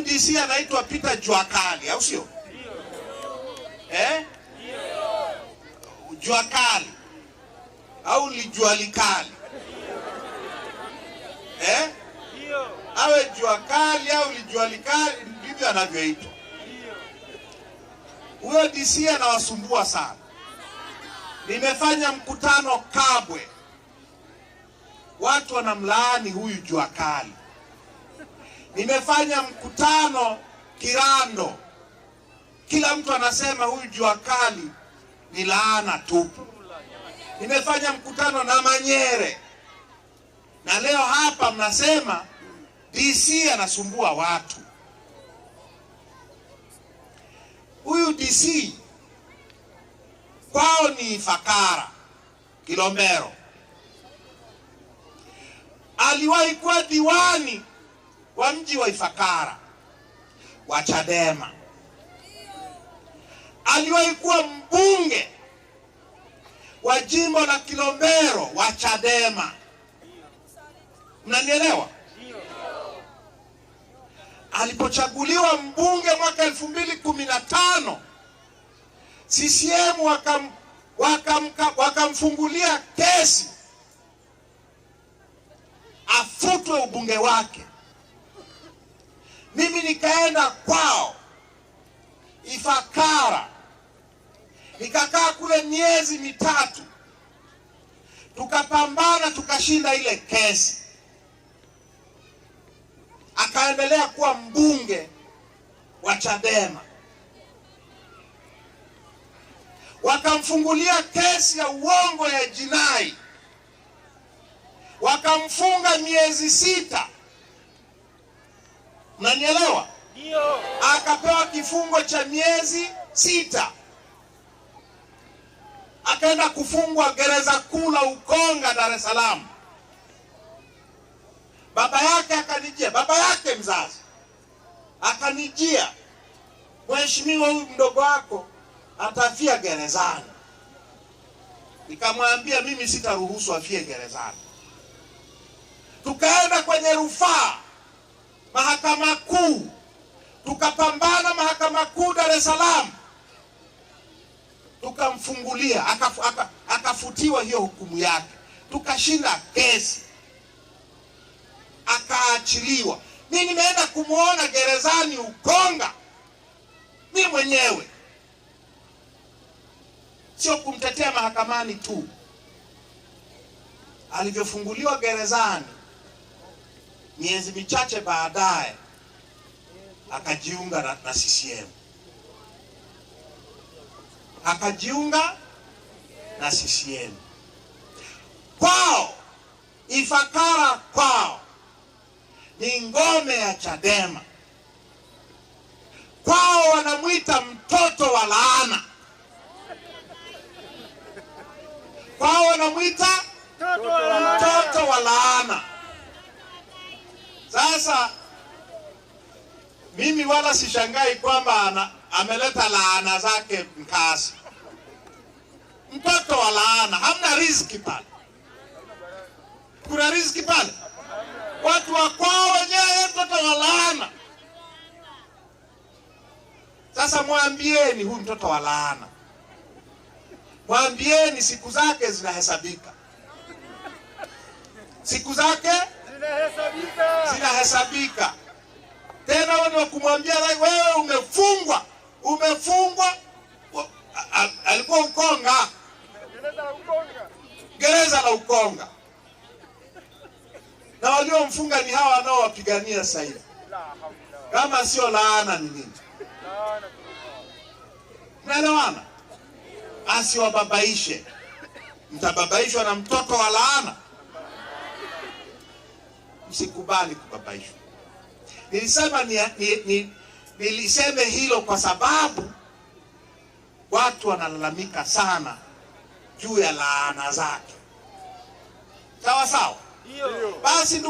UDC anaitwa Peter Juakali, au sio? Eh? Juakali au lijualikali eh? Awe juakali au lijualikali, ndivyo anavyoitwa huyo. DC anawasumbua sana. Nimefanya mkutano Kabwe, watu wanamlaani huyu juakali. Nimefanya mkutano Kirando, kila mtu anasema huyu jua kali ni laana tupu. Nimefanya mkutano na Manyere, na leo hapa mnasema DC anasumbua watu. Huyu DC kwao ni Fakara Kilombero, aliwahi kuwa diwani wa mji wa Ifakara wa Chadema, aliwahi kuwa mbunge wa jimbo la Kilombero wa Chadema. Mnanielewa? Alipochaguliwa mbunge mwaka elfu mbili kumi na tano CCM wakam, wakam, wakamfungulia kesi afutwe ubunge wake mimi nikaenda kwao Ifakara, nikakaa kule miezi mitatu, tukapambana, tukashinda ile kesi. Akaendelea kuwa mbunge wa Chadema, wakamfungulia kesi ya uongo ya jinai, wakamfunga miezi sita. Unanielewa? Ndio. Akapewa kifungo cha miezi sita, akaenda kufungwa gereza kuu la Ukonga, Dar es Salaam. Baba yake akanijia, baba yake mzazi akanijia, mheshimiwa, huyu mdogo wako atafia gerezani. Nikamwambia mimi sitaruhusu afie gerezani. Tukaenda kwenye rufaa mahakama kuu, tukapambana mahakama kuu Dar es Salaam, tukamfungulia akafu, akafutiwa hiyo hukumu yake, tukashinda kesi, akaachiliwa. Mimi nimeenda kumwona gerezani Ukonga mimi mwenyewe, sio kumtetea mahakamani tu. Alivyofunguliwa gerezani Miezi michache baadaye akajiunga na, na CCM akajiunga na CCM kwao Ifakara kwao ni ngome ya Chadema, kwao wanamwita mtoto wa laana, kwao wanamwita mtoto wa laana. Sasa mimi wala sishangai kwamba ameleta laana zake Mkasi, mtoto wa laana. Hamna riziki pale, kuna riziki pale? Watu wa kwao wenyewe, mtoto wa laana. Sasa mwambieni huyu mtoto wa laana, mwambieni siku zake zinahesabika, siku zake zinahesabika tena. wani ni kumwambia wewe umefungwa, umefungwa. Alikuwa Ukonga, gereza la Ukonga, na waliomfunga ni hawa wanaowapigania sasa hivi. Kama sio laana ni nini? Mnaelewana? Asiwababaishe, mtababaishwa na mtoto wa laana msikubali kubabaishwa. Nilisema ni, ni, ni, niliseme hilo kwa sababu watu wanalalamika sana juu ya laana zake. Sawa sawa, basi ndugu